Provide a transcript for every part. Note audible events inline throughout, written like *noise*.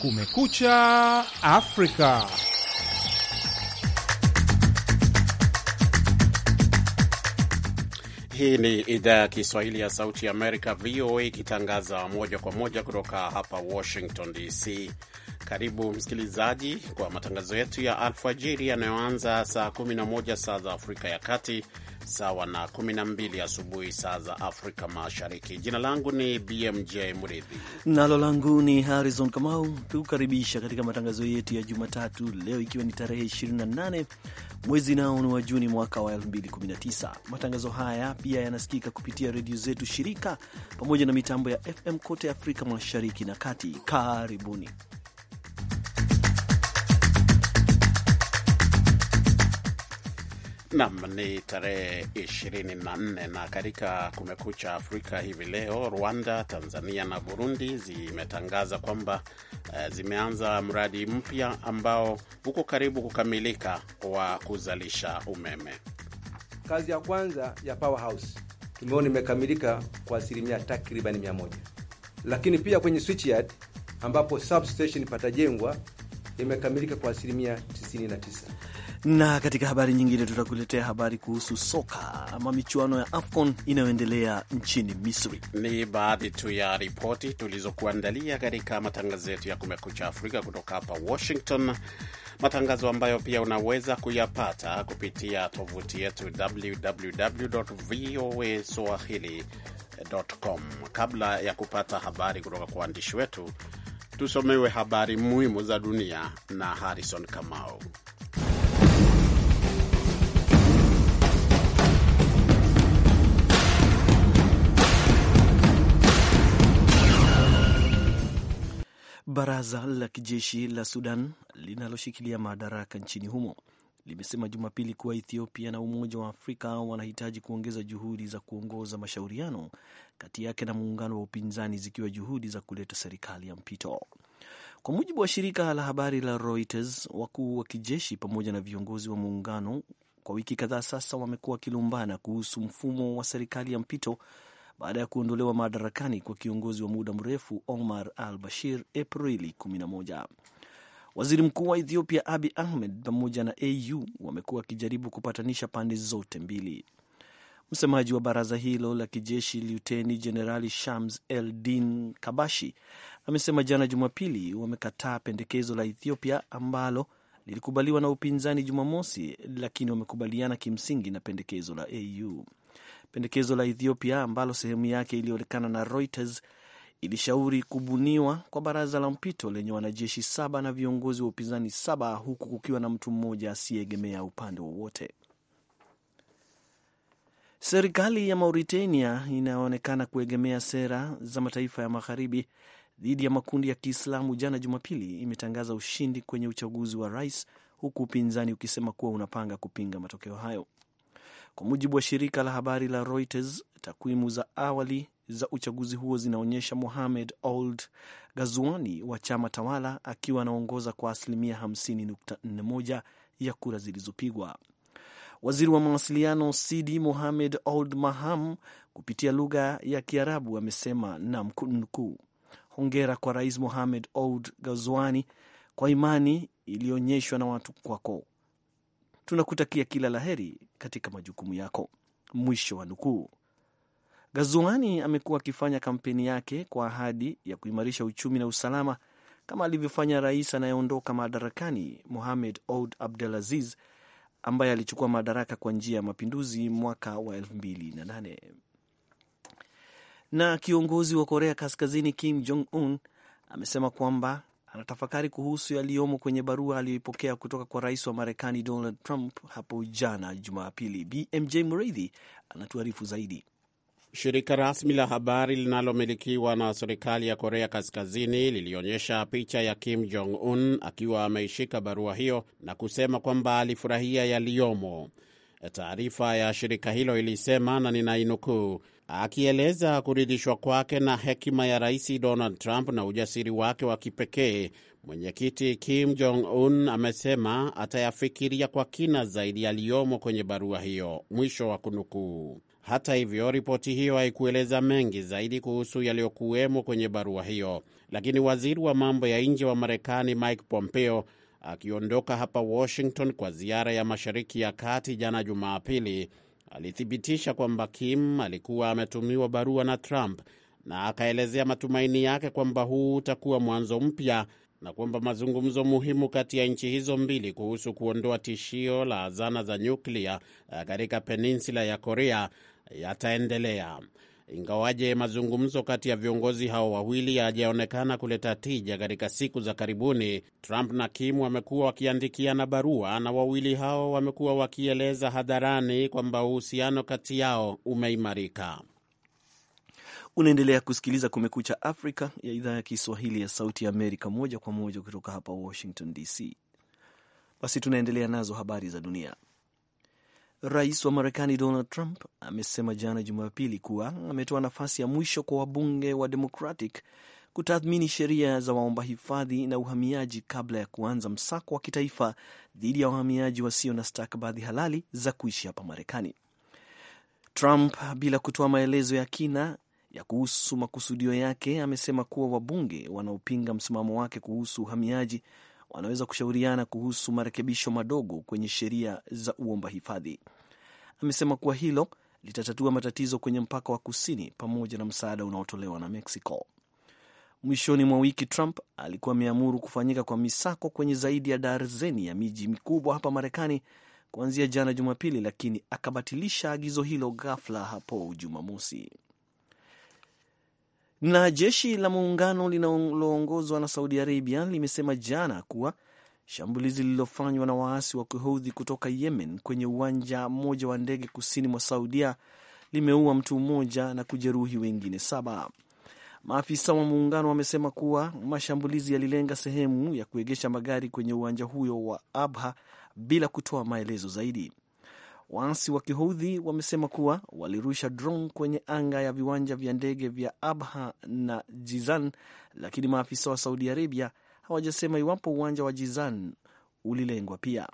Kumekucha Afrika. Hii ni idhaa ya Kiswahili ya Sauti ya Amerika, VOA, ikitangaza moja kwa moja kutoka hapa Washington DC. Karibu msikilizaji kwa matangazo yetu ya alfajiri yanayoanza saa 11 saa za Afrika ya Kati sawa na 12 asubuhi saa za Afrika Mashariki. Jina langu ni BMJ Mridhi nalo langu ni Harrison Kamau, tukukaribisha katika matangazo yetu ya Jumatatu leo ikiwa ni tarehe 28 mwezi nao ni wa Juni mwaka wa 2019. Matangazo haya pia yanasikika kupitia redio zetu shirika pamoja na mitambo ya FM kote Afrika Mashariki na Kati. Karibuni. Nam, ni tarehe 24 na katika Kumekucha Afrika hivi leo, Rwanda, Tanzania na Burundi zimetangaza kwamba uh, zimeanza mradi mpya ambao uko karibu kukamilika wa kuzalisha umeme. Kazi ya kwanza ya powerhouse tumeona imekamilika kwa asilimia takribani mia moja, lakini pia kwenye switchyard ambapo substation patajengwa imekamilika kwa asilimia 99. Na katika habari nyingine, tutakuletea habari kuhusu soka ama michuano ya AFCON inayoendelea nchini Misri. Ni baadhi tu ya ripoti tulizokuandalia katika matangazo yetu ya Kumekucha Afrika kutoka hapa Washington, matangazo ambayo pia unaweza kuyapata kupitia tovuti yetu www voa swahili com. Kabla ya kupata habari kutoka kwa waandishi wetu, tusomewe habari muhimu za dunia na Harrison Kamau. Baraza la kijeshi la Sudan linaloshikilia madaraka nchini humo limesema Jumapili kuwa Ethiopia na Umoja wa Afrika wanahitaji kuongeza juhudi za kuongoza mashauriano kati yake na muungano wa upinzani zikiwa juhudi za kuleta serikali ya mpito. Kwa mujibu wa shirika la habari la Reuters, wakuu wa kijeshi pamoja na viongozi wa muungano kwa wiki kadhaa sasa wamekuwa wakilumbana kuhusu mfumo wa serikali ya mpito baada ya kuondolewa madarakani kwa kiongozi wa muda mrefu Omar al Bashir Aprili 11. Waziri mkuu wa Ethiopia Abi Ahmed pamoja na AU wamekuwa wakijaribu kupatanisha pande zote mbili. Msemaji wa baraza hilo la kijeshi Liuteni Jenerali Shams Eldin Kabashi amesema jana Jumapili wamekataa pendekezo la Ethiopia ambalo lilikubaliwa na upinzani Jumamosi, lakini wamekubaliana kimsingi na pendekezo la AU. Pendekezo la Ethiopia ambalo sehemu yake ilionekana na Reuters ilishauri kubuniwa kwa baraza la mpito lenye wanajeshi saba na viongozi wa upinzani saba huku kukiwa na mtu mmoja asiyeegemea upande wowote. Serikali ya Mauritania inayoonekana kuegemea sera za mataifa ya magharibi dhidi ya makundi ya Kiislamu jana Jumapili imetangaza ushindi kwenye uchaguzi wa rais, huku upinzani ukisema kuwa unapanga kupinga matokeo hayo. Kwa mujibu wa shirika la habari la Reuters, takwimu za awali za uchaguzi huo zinaonyesha Mohamed Ould Ghazouani wa chama tawala akiwa anaongoza kwa asilimia 50.41 ya kura zilizopigwa. Waziri wa mawasiliano Sidi Mohamed Ould Maham kupitia lugha ya Kiarabu amesema na mkunukuu, hongera kwa Rais Mohamed Ould Ghazouani kwa imani iliyoonyeshwa na watu kwako, tunakutakia kila la heri katika majukumu yako. Mwisho wa nukuu. Gazuani amekuwa akifanya kampeni yake kwa ahadi ya kuimarisha uchumi na usalama kama alivyofanya rais anayeondoka madarakani Mohamed Ould aziz ambaye alichukua madaraka kwa njia ya mapinduzi mwaka wa 2008. Na kiongozi wa Korea Kaskazini Kim Jong Un amesema kwamba anatafakari kuhusu yaliyomo kwenye barua aliyoipokea kutoka kwa rais wa Marekani Donald Trump hapo jana Jumapili. BMJ mreidhi anatuarifu zaidi. Shirika rasmi la habari linalomilikiwa na serikali ya Korea Kaskazini lilionyesha picha ya Kim Jong Un akiwa ameishika barua hiyo na kusema kwamba alifurahia yaliyomo. Taarifa ya shirika hilo ilisema, na ninainukuu akieleza kuridhishwa kwake na hekima ya Rais Donald Trump na ujasiri wake wa kipekee. Mwenyekiti Kim Jong Un amesema atayafikiria kwa kina zaidi yaliyomo kwenye barua hiyo, mwisho wa kunukuu. Hata hivyo, ripoti hiyo haikueleza mengi zaidi kuhusu yaliyokuwemo kwenye barua hiyo, lakini waziri wa mambo ya nje wa Marekani Mike Pompeo akiondoka hapa Washington kwa ziara ya Mashariki ya Kati jana Jumapili alithibitisha kwamba Kim alikuwa ametumiwa barua na Trump na akaelezea matumaini yake kwamba huu utakuwa mwanzo mpya na kwamba mazungumzo muhimu kati ya nchi hizo mbili kuhusu kuondoa tishio la zana za nyuklia eh, katika peninsula ya Korea yataendelea ingawaje mazungumzo kati ya viongozi hao wawili hayajaonekana kuleta tija katika siku za karibuni. Trump na Kim wamekuwa wakiandikiana barua na wawili hao wamekuwa wakieleza hadharani kwamba uhusiano kati yao umeimarika. Unaendelea kusikiliza Kumekucha Afrika ya idhaa ya Kiswahili ya Sauti ya Amerika, moja kwa moja kutoka hapa Washington DC. Basi tunaendelea nazo habari za dunia. Rais wa Marekani Donald Trump amesema jana Jumapili kuwa ametoa nafasi ya mwisho kwa wabunge wa Democratic kutathmini sheria za waomba hifadhi na uhamiaji kabla ya kuanza msako wa kitaifa dhidi ya wahamiaji wasio na stakabadhi halali za kuishi hapa Marekani. Trump, bila kutoa maelezo ya kina ya kuhusu makusudio yake, amesema kuwa wabunge wanaopinga msimamo wake kuhusu uhamiaji wanaweza kushauriana kuhusu marekebisho madogo kwenye sheria za uomba hifadhi. Amesema kuwa hilo litatatua matatizo kwenye mpaka wa kusini pamoja na msaada unaotolewa na Mexico. Mwishoni mwa wiki Trump alikuwa ameamuru kufanyika kwa misako kwenye zaidi ya darzeni ya miji mikubwa hapa Marekani kuanzia jana Jumapili, lakini akabatilisha agizo hilo ghafla hapo Jumamosi. Na jeshi la muungano linaloongozwa na Saudi Arabia limesema jana kuwa shambulizi lililofanywa na waasi wa kihoudhi kutoka Yemen kwenye uwanja mmoja wa ndege kusini mwa Saudia limeua mtu mmoja na kujeruhi wengine saba. Maafisa wa muungano wamesema kuwa mashambulizi yalilenga sehemu ya kuegesha magari kwenye uwanja huyo wa Abha bila kutoa maelezo zaidi. Waasi wa kihoudhi wamesema kuwa walirusha drone kwenye anga ya viwanja vya ndege vya Abha na Jizan, lakini maafisa wa Saudi Arabia hawajasema iwapo uwanja wa Jizan ulilengwa pia.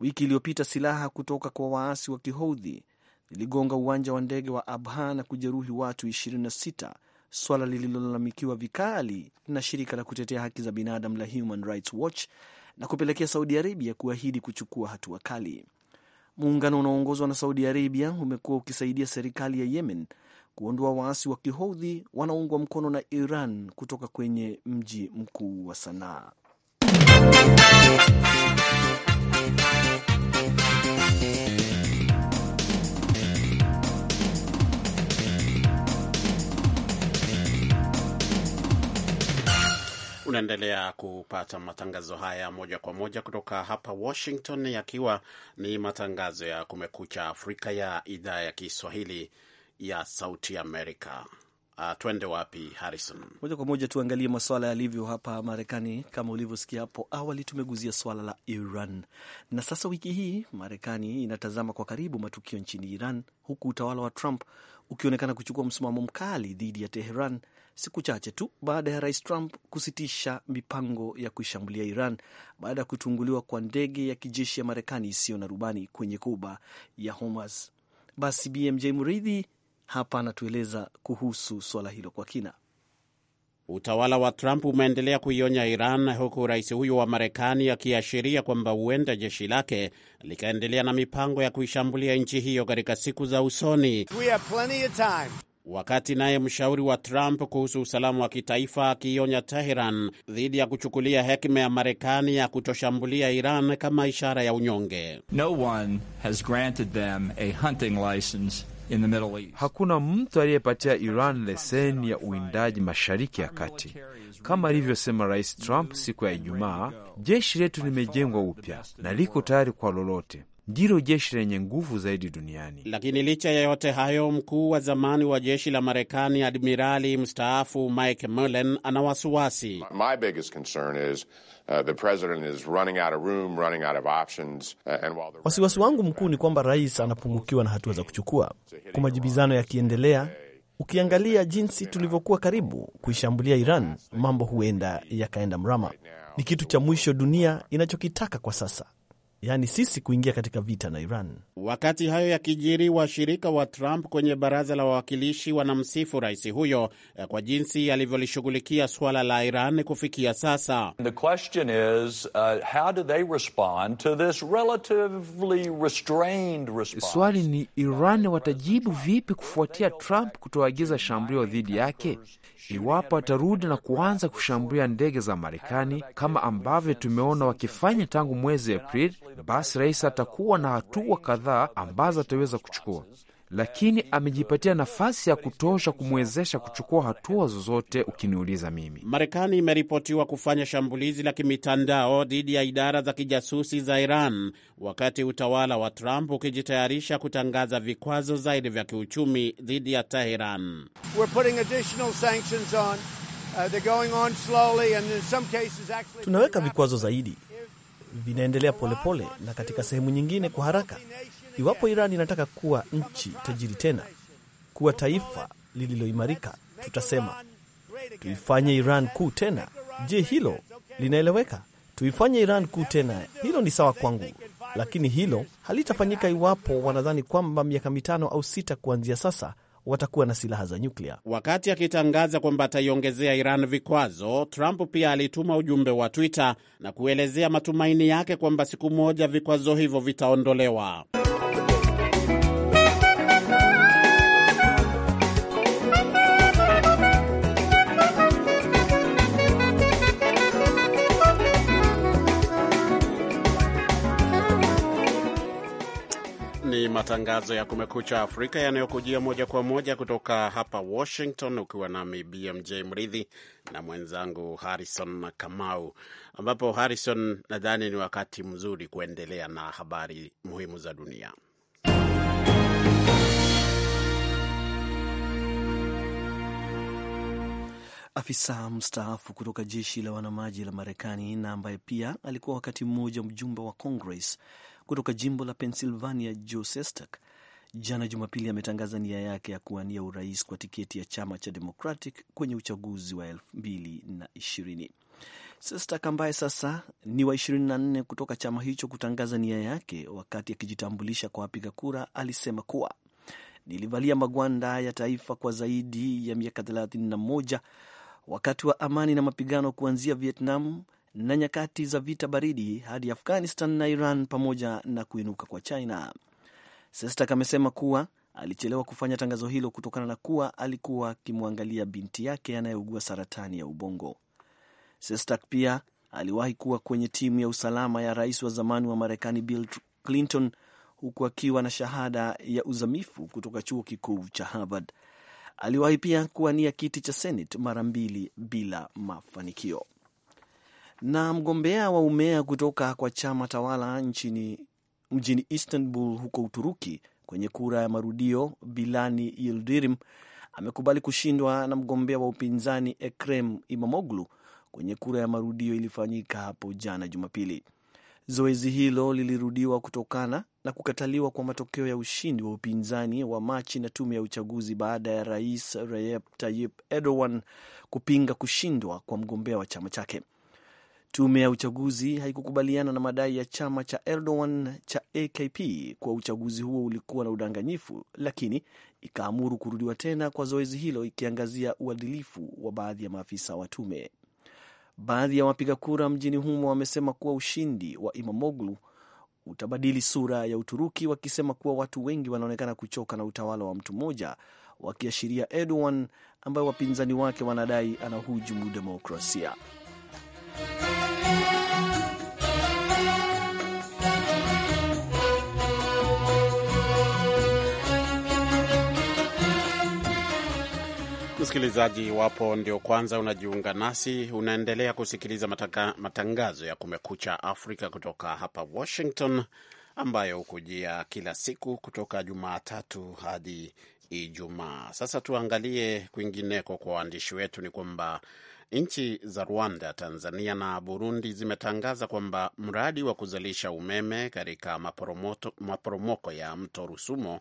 Wiki iliyopita silaha kutoka kwa waasi wa kihoudhi ziligonga uwanja wa ndege wa Abha na kujeruhi watu 26, swala lililolalamikiwa vikali na shirika la kutetea haki za binadamu la Human Rights Watch na kupelekea Saudi Arabia kuahidi kuchukua hatua kali. Muungano unaoongozwa na Saudi Arabia umekuwa ukisaidia serikali ya Yemen kuondoa waasi wa Kihoudhi wanaoungwa mkono na Iran kutoka kwenye mji mkuu wa Sanaa. Unaendelea kupata matangazo haya moja kwa moja kutoka hapa Washington, yakiwa ni matangazo ya Kumekucha Afrika ya idhaa ya Kiswahili ya Sauti Amerika. Uh, twende wapi Harrison? Moja kwa moja tuangalie masuala yalivyo hapa Marekani. Kama ulivyosikia hapo awali, tumeguzia swala la Iran na sasa wiki hii Marekani inatazama kwa karibu matukio nchini Iran, huku utawala wa Trump ukionekana kuchukua msimamo mkali dhidi ya Teheran siku chache tu baada ya Rais Trump kusitisha mipango ya kuishambulia Iran baada ya kutunguliwa kwa ndege ya kijeshi ya Marekani isiyo na rubani kwenye kuba ya Hormuz. Basi BMJ mridhi hapa anatueleza kuhusu swala hilo kwa kina. Utawala wa Trump umeendelea kuionya Iran, huku rais huyo wa Marekani akiashiria kwamba huenda jeshi lake likaendelea na mipango ya kuishambulia nchi hiyo katika siku za usoni. We have plenty of time. Wakati naye mshauri wa Trump kuhusu usalama wa kitaifa akiionya Teheran dhidi ya kuchukulia hekima ya Marekani ya kutoshambulia Iran kama ishara ya unyonge. No one has granted them a hunting license In the Middle East. Hakuna mtu aliyepatia Iran leseni ya uwindaji Mashariki ya Kati. Kama alivyosema Rais Trump siku ya Ijumaa, jeshi letu limejengwa upya na liko tayari kwa lolote ndilo jeshi lenye nguvu zaidi duniani. Lakini licha ya yote hayo, mkuu wa zamani wa jeshi la Marekani admirali mstaafu Mike Mullen ana wasiwasi. Wasiwasi wangu mkuu ni kwamba rais anapungukiwa na hatua za kuchukua, kwa majibizano yakiendelea Ukiangalia jinsi tulivyokuwa karibu kuishambulia Iran, mambo huenda yakaenda mrama. Ni kitu cha mwisho dunia inachokitaka kwa sasa yaani sisi kuingia katika vita na Iran. Wakati hayo yakijiri, washirika wa Trump kwenye baraza la wawakilishi wanamsifu rais huyo eh, kwa jinsi alivyolishughulikia suala la Iran kufikia sasa. The question is, uh, how do they respond to this relatively restrained response? Swali ni Iran watajibu vipi kufuatia Trump kutoagiza shambulio dhidi yake, iwapo atarudi na kuanza kushambulia ndege za Marekani kama ambavyo tumeona wakifanya tangu mwezi Aprili basi rais atakuwa na hatua kadhaa ambazo ataweza kuchukua, lakini amejipatia nafasi ya kutosha kumwezesha kuchukua hatua zozote. Ukiniuliza mimi, Marekani imeripotiwa kufanya shambulizi la kimitandao dhidi ya idara za kijasusi za Iran wakati utawala wa Trump ukijitayarisha kutangaza vikwazo zaidi vya kiuchumi dhidi ya Teheran. Uh, Tunaweka vikwazo zaidi vinaendelea polepole pole, na katika sehemu nyingine kwa haraka. Iwapo Iran inataka kuwa nchi tajiri tena, kuwa taifa lililoimarika, tutasema tuifanye Iran kuu tena. Je, hilo linaeleweka? Tuifanye Iran kuu tena, hilo ni sawa kwangu, lakini hilo halitafanyika iwapo wanadhani kwamba miaka mitano au sita kuanzia sasa watakuwa na silaha za nyuklia. Wakati akitangaza kwamba ataiongezea Iran vikwazo, Trump pia alituma ujumbe wa Twitter na kuelezea matumaini yake kwamba siku moja vikwazo hivyo vitaondolewa. matangazo ya Kumekucha Afrika yanayokujia moja kwa moja kutoka hapa Washington, ukiwa nami BMJ Mridhi na mwenzangu Harrison Kamau, ambapo Harrison, nadhani ni wakati mzuri kuendelea na habari muhimu za dunia. Afisa mstaafu kutoka jeshi la wanamaji la Marekani na ambaye pia alikuwa wakati mmoja mjumbe wa Congress kutoka jimbo la Pennsylvania, Joe Sestak jana Jumapili ametangaza nia yake ya kuwania urais kwa tiketi ya chama cha Democratic kwenye uchaguzi wa 2020. Sestak ambaye sasa ni wa 24 kutoka chama hicho kutangaza nia yake, wakati akijitambulisha kwa wapiga kura, alisema kuwa nilivalia magwanda ya taifa kwa zaidi ya miaka 31 wakati wa amani na mapigano kuanzia Vietnam na nyakati za vita baridi hadi Afghanistan na Iran pamoja na kuinuka kwa China. Sestak amesema kuwa alichelewa kufanya tangazo hilo kutokana na kuwa alikuwa akimwangalia binti yake anayeugua saratani ya ubongo. Sestak pia aliwahi kuwa kwenye timu ya usalama ya rais wa zamani wa Marekani Bill Clinton huku akiwa na shahada ya uzamifu kutoka chuo kikuu cha Harvard. Aliwahi pia kuwania kiti cha Senate mara mbili bila mafanikio na mgombea wa umea kutoka kwa chama tawala nchini mjini Istanbul huko Uturuki kwenye kura ya marudio Bilani Yildirim amekubali kushindwa na mgombea wa upinzani Ekrem Imamoglu kwenye kura ya marudio ilifanyika hapo jana Jumapili. Zoezi hilo lilirudiwa kutokana na kukataliwa kwa matokeo ya ushindi wa upinzani wa Machi na tume ya uchaguzi baada ya rais Recep Tayyip Erdogan kupinga kushindwa kwa mgombea wa chama chake. Tume ya uchaguzi haikukubaliana na madai ya chama cha Erdogan cha AKP kuwa uchaguzi huo ulikuwa na udanganyifu, lakini ikaamuru kurudiwa tena kwa zoezi hilo, ikiangazia uadilifu wa baadhi ya maafisa wa tume. Baadhi ya wapiga kura mjini humo wamesema kuwa ushindi wa Imamoglu utabadili sura ya Uturuki, wakisema kuwa watu wengi wanaonekana kuchoka na utawala wa mtu mmoja, wakiashiria Erdogan ambayo wapinzani wake wanadai anahujumu demokrasia. Msikilizaji, iwapo ndio kwanza unajiunga nasi, unaendelea kusikiliza mataka, matangazo ya Kumekucha Afrika kutoka hapa Washington, ambayo hukujia kila siku kutoka Jumatatu hadi Ijumaa. Sasa tuangalie kwingineko kwa waandishi wetu. Ni kwamba nchi za Rwanda, Tanzania na Burundi zimetangaza kwamba mradi wa kuzalisha umeme katika maporomoko ya mto Rusumo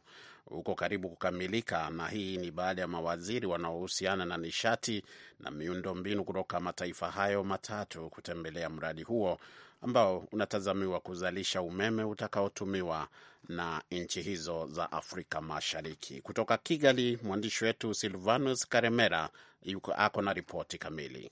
uko karibu kukamilika, na hii ni baada ya mawaziri wanaohusiana na nishati na miundombinu kutoka mataifa hayo matatu kutembelea mradi huo ambao unatazamiwa kuzalisha umeme utakaotumiwa na nchi hizo za Afrika Mashariki. Kutoka Kigali, mwandishi wetu Silvanus Karemera yuko ako na ripoti kamili.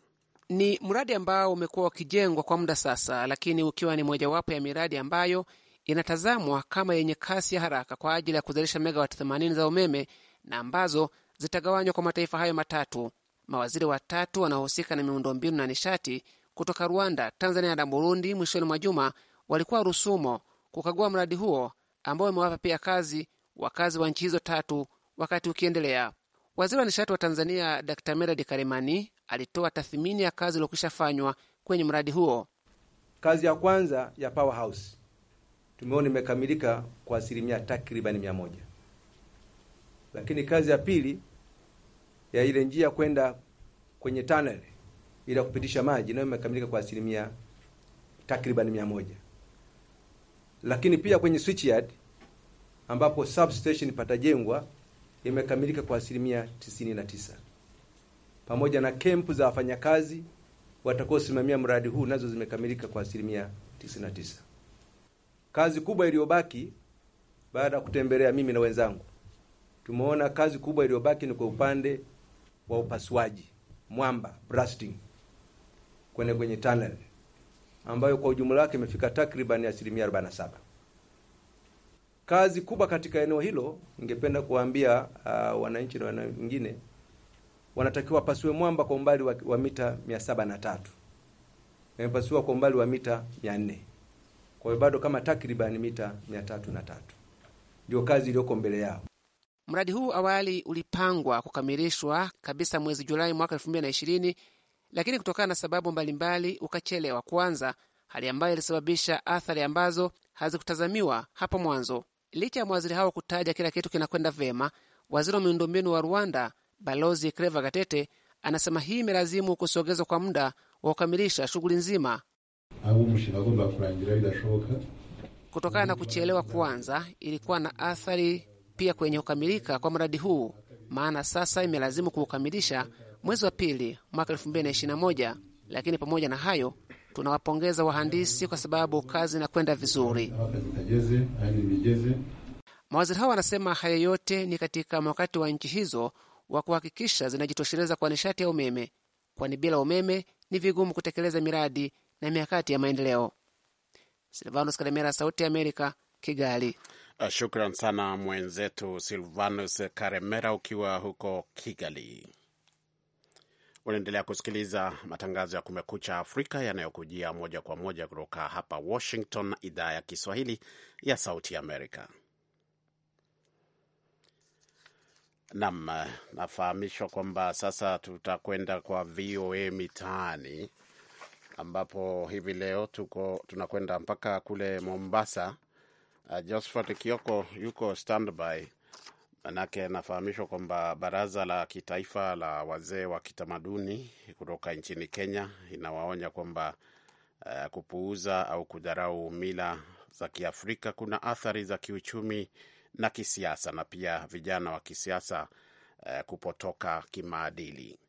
Ni mradi ambao umekuwa ukijengwa kwa muda sasa, lakini ukiwa ni mojawapo ya miradi ambayo inatazamwa kama yenye kasi ya haraka kwa ajili ya kuzalisha megawati 80 za umeme na ambazo zitagawanywa kwa mataifa hayo matatu. Mawaziri watatu wanaohusika na miundombinu na nishati kutoka Rwanda, Tanzania na Burundi mwishoni mwa juma walikuwa Rusumo kukagua mradi huo ambao umewapa pia kazi wakazi wa nchi hizo tatu wakati ukiendelea. Waziri wa nishati wa Tanzania Dr Meradi Karemani alitoa tathmini ya kazi iliyokwisha fanywa kwenye mradi huo. Kazi ya kwanza ya powerhouse tumeona imekamilika kwa asilimia takribani mia moja. Lakini kazi ya pili ya ile njia kwenda kwenye tunnel ili kupitisha maji nayo imekamilika kwa asilimia takribani mia moja. Lakini pia kwenye switchyard ambapo substation patajengwa imekamilika kwa asilimia tisini na tisa pamoja na kempu za wafanyakazi watakaosimamia mradi huu nazo zimekamilika kwa asilimia tisini na tisa. Kazi kubwa iliyobaki baada ya kutembelea mimi na wenzangu, tumeona kazi kubwa iliyobaki ni kwa upande wa upasuaji mwamba blasting kwenye kwenye tunnel ambayo kwa ujumla wake imefika takriban asilimia 47. Kazi kubwa katika eneo hilo, ningependa kuwaambia uh, wananchi na wengine wanatakiwa wapasue mwamba kwa umbali wa, wa mita 703 na wamepasua kwa umbali wa mita 400. Kwa hiyo bado kama takriban mita mia tatu na tatu ndio kazi iliyoko mbele yao. Mradi huu awali ulipangwa kukamilishwa kabisa mwezi Julai mwaka 2020 lakini kutokana na sababu mbalimbali ukachelewa kwanza, hali ambayo ilisababisha athari ambazo hazikutazamiwa hapo mwanzo. Licha ya mawaziri hao kutaja kila kitu kinakwenda vema waziri wa miundombinu wa Rwanda Balozi Kreva Gatete anasema hii imelazimu kusogezwa kwa muda wa kukamilisha shughuli nzima abo umushinga wagombaga kurangira bidashoboka. Kutokana na kuchelewa kwanza ilikuwa na athari pia kwenye kukamilika kwa mradi huu, maana sasa imelazimu kuukamilisha mwezi wa pili mwaka 2021. Lakini pamoja na hayo, tunawapongeza wahandisi kwa sababu kazi inakwenda vizuri. Mawaziri hao wanasema haya yote ni katika wakati wa nchi hizo wa kuhakikisha zinajitosheleza kwa nishati ya umeme, kwani bila umeme ni vigumu kutekeleza miradi na mikakati ya maendeleo. Silvanus Karemera, Sauti ya Amerika, Kigali. Ah, shukran sana mwenzetu Silvanus Karemera ukiwa huko Kigali. Unaendelea kusikiliza matangazo ya Kumekucha Afrika yanayokujia moja kwa moja kutoka hapa Washington, idhaa ya Kiswahili ya Sauti Amerika. Nam, nafahamishwa kwamba sasa tutakwenda kwa VOA Mitaani ambapo hivi leo tuko tunakwenda mpaka kule Mombasa. Uh, Josephat Kioko yuko standby, manake nafahamishwa kwamba baraza la kitaifa la wazee wa kitamaduni kutoka nchini Kenya inawaonya kwamba uh, kupuuza au kudharau mila za Kiafrika kuna athari za kiuchumi na kisiasa, na pia vijana wa kisiasa uh, kupotoka kimaadili.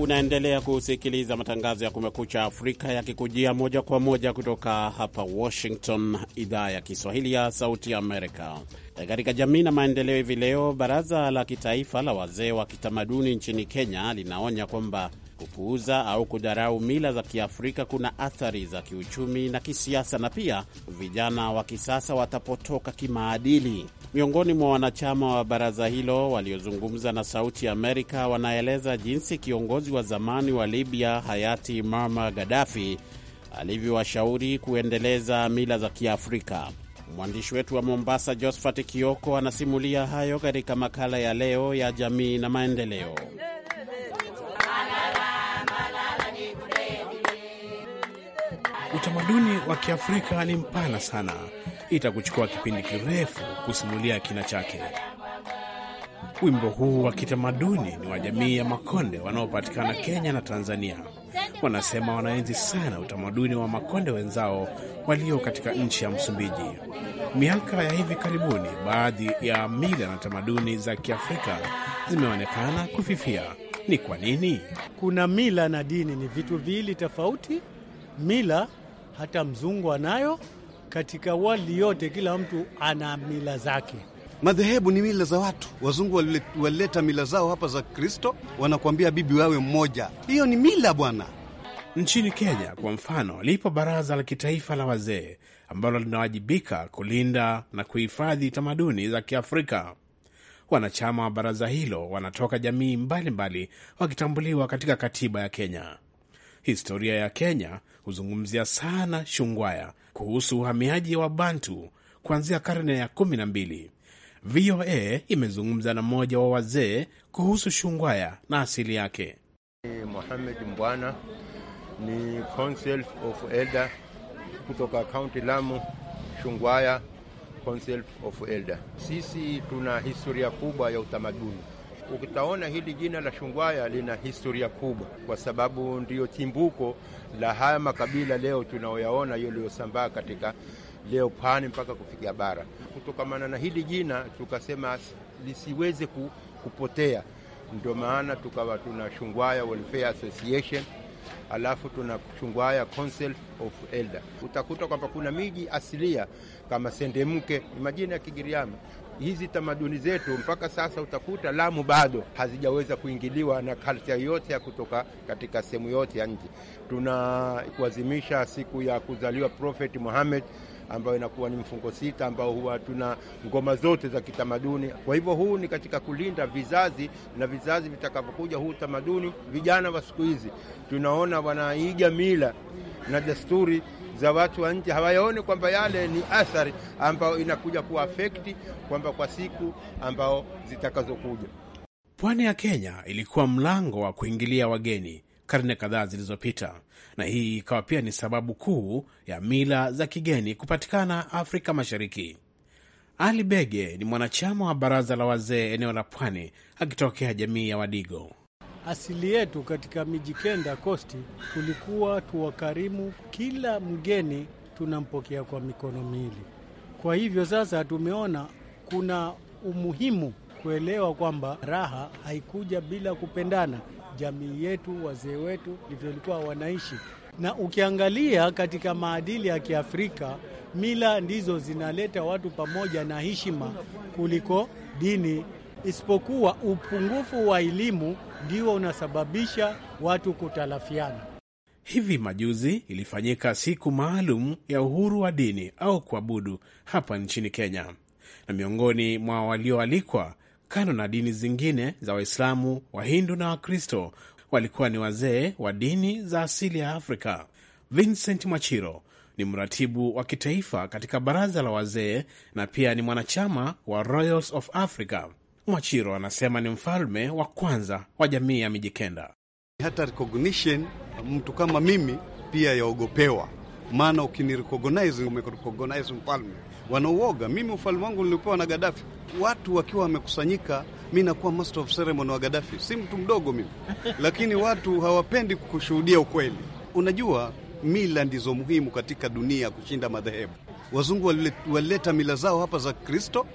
Unaendelea kusikiliza matangazo ya Kumekucha Afrika yakikujia moja kwa moja kutoka hapa Washington, idhaa ya Kiswahili ya Sauti ya Amerika. E, katika jamii na maendeleo, hivi leo baraza la kitaifa la wazee wa kitamaduni nchini Kenya linaonya kwamba kupuuza au kudharau mila za Kiafrika kuna athari za kiuchumi na kisiasa, na pia vijana wa kisasa watapotoka kimaadili. Miongoni mwa wanachama wa baraza hilo waliozungumza na Sauti ya Amerika wanaeleza jinsi kiongozi wa zamani wa Libya hayati Muammar Gaddafi alivyowashauri kuendeleza mila za Kiafrika. Mwandishi wetu wa Mombasa, Josphat Kioko, anasimulia hayo katika makala ya leo ya Jamii na Maendeleo. Utamaduni wa Kiafrika ni mpana sana itakuchukua kipindi kirefu kusimulia kina chake. Wimbo huu wa kitamaduni ni wa jamii ya Makonde wanaopatikana Kenya na Tanzania. Wanasema wanaenzi sana utamaduni wa Makonde wenzao walio katika nchi ya Msumbiji. Miaka ya hivi karibuni, baadhi ya mila na tamaduni za Kiafrika zimeonekana kufifia. Ni kwa nini? Kuna mila na dini, ni vitu viwili tofauti. Mila hata mzungu anayo katika wali yote, kila mtu ana mila zake. Madhehebu ni mila za watu. Wazungu walileta mila zao hapa za Kristo, wanakuambia bibi wawe mmoja. Hiyo ni mila bwana. Nchini Kenya kwa mfano, lipo baraza la kitaifa la wazee ambalo linawajibika kulinda na kuhifadhi tamaduni za Kiafrika. Wanachama wa baraza hilo wanatoka jamii mbalimbali mbali, wakitambuliwa katika katiba ya Kenya. Historia ya Kenya huzungumzia sana Shungwaya, kuhusu uhamiaji wa Bantu kuanzia karne ya 12. VOA imezungumza na mmoja wa wazee kuhusu Shungwaya na asili yake. Mohamed Mbwana ni Council of Elder kutoka kaunti Lamu, Shungwaya Council of Elder. Sisi tuna historia kubwa ya utamaduni ukitaona hili jina la Shungwaya lina historia kubwa, kwa sababu ndiyo timbuko la haya makabila leo tunaoyaona yaliyosambaa katika leo pwani mpaka kufikia bara. Kutokamana na hili jina tukasema lisiweze kupotea, ndio maana tukawa tuna Shungwaya Welfare Association alafu tuna Shungwaya Council of Elder. Utakuta kwamba kuna miji asilia kama Sendemke, majina ya Kigiriama, hizi tamaduni zetu mpaka sasa utakuta Lamu bado hazijaweza kuingiliwa na kalcha yote ya kutoka katika sehemu yote ya nchi. Tunakuazimisha siku ya kuzaliwa Prophet Muhammad ambayo inakuwa ni mfungo sita ambao huwa tuna ngoma zote za kitamaduni. Kwa hivyo huu ni katika kulinda vizazi na vizazi vitakavyokuja huu tamaduni. Vijana wa siku hizi tunaona wanaiga mila na desturi za watu wa nje hawayaone kwamba yale ni athari ambayo inakuja kuwa afekti kwamba kwa siku ambao zitakazokuja. Pwani ya Kenya ilikuwa mlango wa kuingilia wageni karne kadhaa zilizopita, na hii ikawa pia ni sababu kuu ya mila za kigeni kupatikana Afrika Mashariki. Ali Bege ni mwanachama wa baraza la wazee eneo la Pwani akitokea jamii ya Wadigo asili yetu katika miji kenda Kosti, tulikuwa tuwakarimu, kila mgeni tunampokea kwa mikono miwili. Kwa hivyo sasa tumeona kuna umuhimu kuelewa kwamba raha haikuja bila kupendana. Jamii yetu, wazee wetu ndivyo walikuwa wanaishi, na ukiangalia katika maadili ya Kiafrika, mila ndizo zinaleta watu pamoja na heshima kuliko dini isipokuwa upungufu wa elimu ndio unasababisha watu kutalafiana. Hivi majuzi ilifanyika siku maalum ya uhuru wa dini au kuabudu hapa nchini Kenya, na miongoni mwa walioalikwa, kando na dini zingine za Waislamu, Wahindu na Wakristo, walikuwa ni wazee wa dini za asili ya Afrika. Vincent Mwachiro ni mratibu wa kitaifa katika baraza la wazee na pia ni mwanachama wa Royals of Africa. Mwachiro anasema ni mfalme wa kwanza wa jamii ya Mijikenda. Hata recognition mtu kama mimi pia yaogopewa, maana ukinirecognize umerecognize mfalme. Wanauoga mimi ufalme wangu niliopewa na Gaddafi. Watu wakiwa wamekusanyika, mi nakuwa master of ceremony wa Gaddafi. Si mtu mdogo mimi, *laughs* lakini watu hawapendi kushuhudia ukweli. Unajua, mila ndizo muhimu katika dunia kushinda madhehebu. Wazungu walileta mila zao hapa za Kristo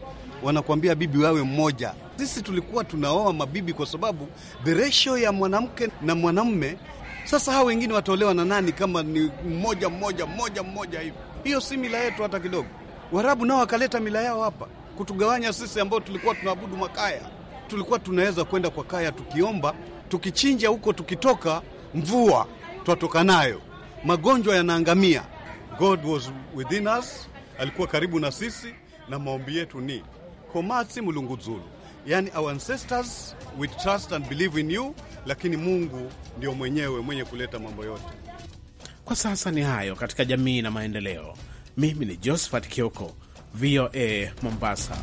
wanakuambia bibi wawe mmoja. Sisi tulikuwa tunaoa mabibi kwa sababu the ratio ya mwanamke na mwanamme Sasa hao wengine wataolewa na nani kama ni mmoja mmoja mmoja mmoja hivi? Hiyo si mila yetu hata kidogo. Warabu nao wakaleta mila yao hapa kutugawanya sisi ambao tulikuwa tunaabudu makaya. Tulikuwa tunaweza kwenda kwa kaya tukiomba, tukichinja huko, tukitoka mvua twatoka nayo, magonjwa yanaangamia. God was within us, alikuwa karibu na sisi, na maombi yetu ni Komatsi Mulungudzulu, yani our ancestors we trust and believe in you, lakini Mungu ndio mwenyewe mwenye kuleta mambo yote. Kwa sasa ni hayo katika jamii na maendeleo. Mimi ni Josephat Kioko, VOA Mombasa.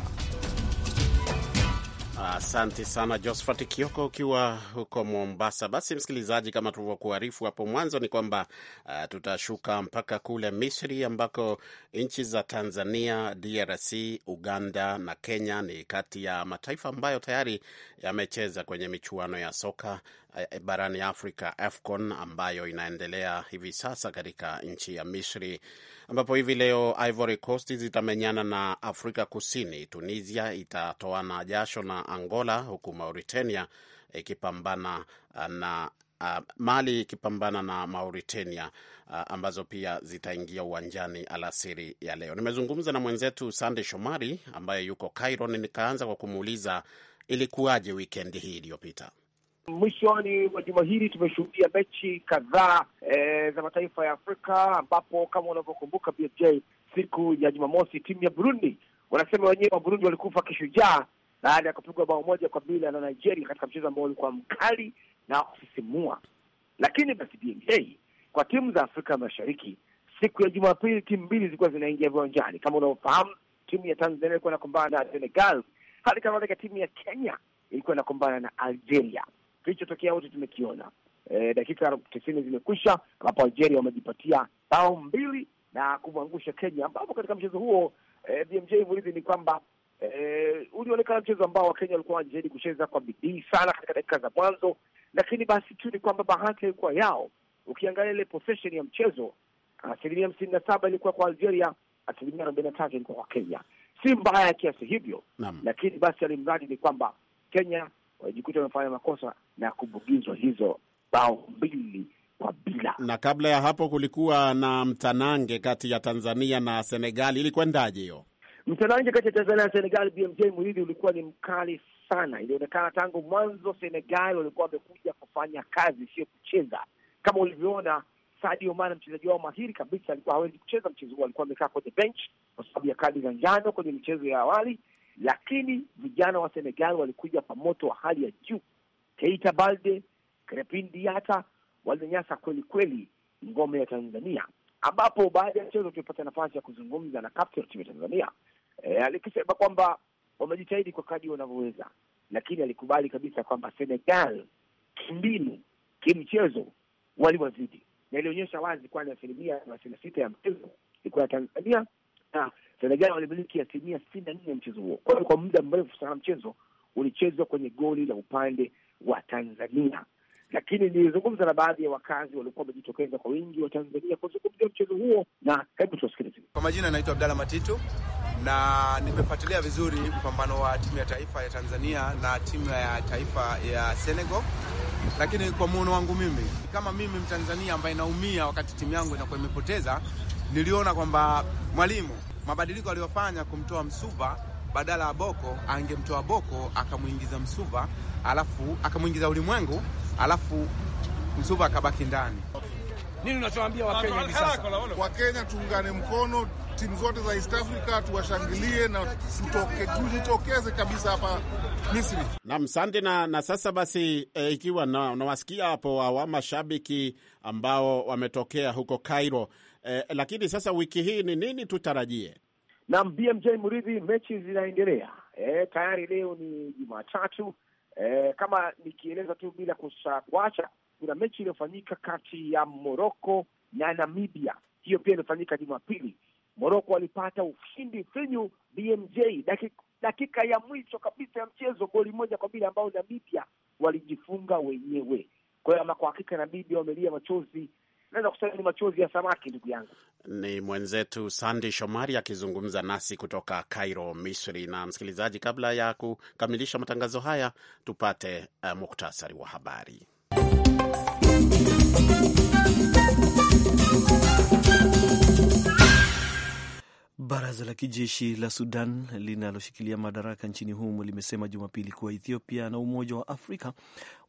Asante sana Josphat Kioko ukiwa huko Mombasa. Basi msikilizaji, kama tulivyokuarifu hapo mwanzo ni kwamba uh, tutashuka mpaka kule Misri ambako nchi za Tanzania, DRC, Uganda na Kenya ni kati ya mataifa ambayo tayari yamecheza kwenye michuano ya soka Eh, eh, barani Afrika, AFCON, ambayo inaendelea hivi sasa katika nchi ya Misri, ambapo hivi leo Ivory Coast zitamenyana na Afrika Kusini, Tunisia itatoana jasho na Angola, huku Mauritania ikipambana eh, na Uh, Mali ikipambana na Mauritania uh, ambazo pia zitaingia uwanjani alasiri ya leo. Nimezungumza na mwenzetu Sande Shomari ambaye yuko Cairo, nikaanza kwa kumuuliza ilikuwaje wikendi hii iliyopita. Mwishoni mwa juma hili tumeshuhudia mechi kadhaa e, za mataifa ya Afrika ambapo kama unavyokumbuka BJ, siku ya Jumamosi timu ya Burundi wanasema wenyewe wa Burundi walikufa kishujaa baada ya kupigwa bao moja kwa bila na Nigeria katika mchezo ambao ulikuwa mkali na kusisimua. Lakini basi BJ, kwa timu za Afrika Mashariki siku ya Jumapili timu mbili zilikuwa zinaingia viwanjani. Kama unavyofahamu, timu ya Tanzania ilikuwa inakumbana na Senegal, hali kadhalika timu ya Kenya ilikuwa inakumbana na Algeria kilichotokea wote tumekiona. E, dakika tisini zimekwisha ambapo Algeria wamejipatia bao mbili na kumwangusha Kenya, ambapo katika mchezo huo e, BMJ mulizi ni kwamba e, ulionekana mchezo ambao Wakenya walikuwa wanajitahidi kucheza kwa bidii sana katika dakika za mwanzo, lakini basi tu ni kwamba bahati haikuwa yao. Ukiangalia ile possession ya mchezo asilimia hamsini na saba ilikuwa kwa Algeria, asilimia arobaini na tatu ilikuwa kwa Kenya. Si mbaya ya kiasi hivyo, lakini basi alimradi ni kwamba Kenya wajikuta wamefanya makosa na kubugizwa hizo bao mbili kwa bila. Na kabla ya hapo kulikuwa na mtanange kati ya Tanzania na Senegali, ilikwendaje hiyo? Mtanange kati ya Tanzania na Senegali? BMJ Muridi, ulikuwa ni mkali sana. Ilionekana tangu mwanzo senegali walikuwa wamekuja kufanya kazi, sio kucheza. Kama ulivyoona, Sadio Mane, mchezaji wao mahiri kabisa, alikuwa hawezi kucheza mchezo huo, alikuwa amekaa kwenye bench kwa sababu ya kadi za njano kwenye michezo ya awali, lakini vijana wa Senegal walikuja kwa moto wa hali ya juu. Keita Balde, Crepin Diata walinyanyasa kweli kweli ngome ya Tanzania, ambapo baada ya mchezo tulipata nafasi ya kuzungumza na captain timu ya Tanzania e, alikisema kwamba wamejitahidi kwa kadi wanavyoweza, lakini alikubali kabisa kwamba Senegal kimbinu, kimchezo waliwazidi na ilionyesha wazi, kwani asilimia thelathini na sita ya mchezo ilikuwa ya Tanzania na Senegal walimiliki asilimia sitini na nne ya mchezo huo. Kwa hiyo kwa muda mrefu sana mchezo ulichezwa kwenye goli la upande wa Tanzania, lakini nilizungumza na baadhi ya wakazi waliokuwa wamejitokeza kwa wingi wa Tanzania kuzungumzia mchezo huo, na hebu tuwasikilize. Kwa majina anaitwa Abdalla Matitu na nimefuatilia vizuri mpambano wa timu ya taifa ya Tanzania na timu ya taifa ya Senegal, lakini kwa muono wangu mimi kama mimi Mtanzania ambaye naumia wakati timu yangu inakuwa imepoteza, niliona kwamba mwalimu mabadiliko aliyofanya kumtoa Msuva badala ya Boko, angemtoa Boko akamwingiza Msuva, alafu akamwingiza Ulimwengu, alafu Msuva akabaki ndani. Nini unachoambia Wakenya hivi sasa? Kenya tuungane mkono, timu zote za East Africa tuwashangilie na tujitokeze kabisa hapa Misri. Naam, asante na, na sasa basi e, ikiwa na unawasikia hapo wa mashabiki ambao wametokea huko Cairo eh, lakini sasa wiki hii ni nini tutarajie? Naam, BMJ Mridhi, mechi zinaendelea eh, tayari leo ni Jumatatu eh, kama nikieleza tu bila kuacha, kuna mechi iliyofanyika kati ya Moroko na Namibia, hiyo pia ilifanyika Jumapili. Moroko walipata ushindi finyu BMJ dakika, dakika ya mwisho kabisa ya mchezo, goli moja kwa bila ambao Namibia walijifunga wenyewe. Kwa hiyo ama kwa hakika Namibia wamelia machozi naweza kusema ni machozi ya samaki, ndugu yangu. Ni mwenzetu Sandi Shomari akizungumza nasi kutoka Cairo, Misri. Na msikilizaji, kabla ya kukamilisha matangazo haya, tupate uh, muktasari wa habari. Baraza la kijeshi la Sudan linaloshikilia madaraka nchini humo limesema Jumapili kuwa Ethiopia na Umoja wa Afrika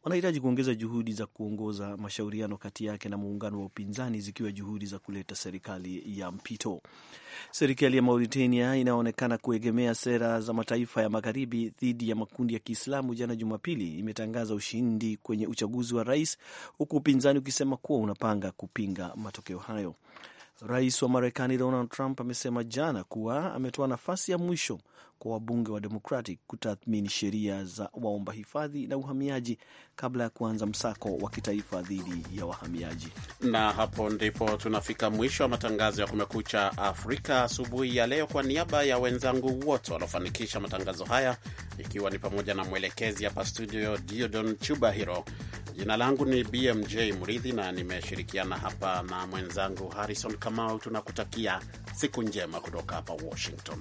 wanahitaji kuongeza juhudi za kuongoza mashauriano kati yake na muungano wa upinzani zikiwa juhudi za kuleta serikali ya mpito. Serikali ya Mauritania inaonekana kuegemea sera za mataifa ya magharibi dhidi ya makundi ya Kiislamu, jana Jumapili imetangaza ushindi kwenye uchaguzi wa rais, huku upinzani ukisema kuwa unapanga kupinga matokeo hayo. Rais wa Marekani Donald Trump amesema jana kuwa ametoa nafasi ya mwisho kwa wabunge wa Democratic kutathmini sheria za waomba hifadhi na uhamiaji kabla ya kuanza msako wa kitaifa dhidi ya wahamiaji. Na hapo ndipo tunafika mwisho wa matangazo ya Kumekucha Afrika asubuhi ya leo. Kwa niaba ya wenzangu wote wanaofanikisha matangazo haya, ikiwa ni pamoja na mwelekezi hapa studio Diodon Chubahiro, Jina langu ni BMJ Mridhi na nimeshirikiana hapa na mwenzangu Harrison Kamau. Tunakutakia siku njema kutoka hapa Washington.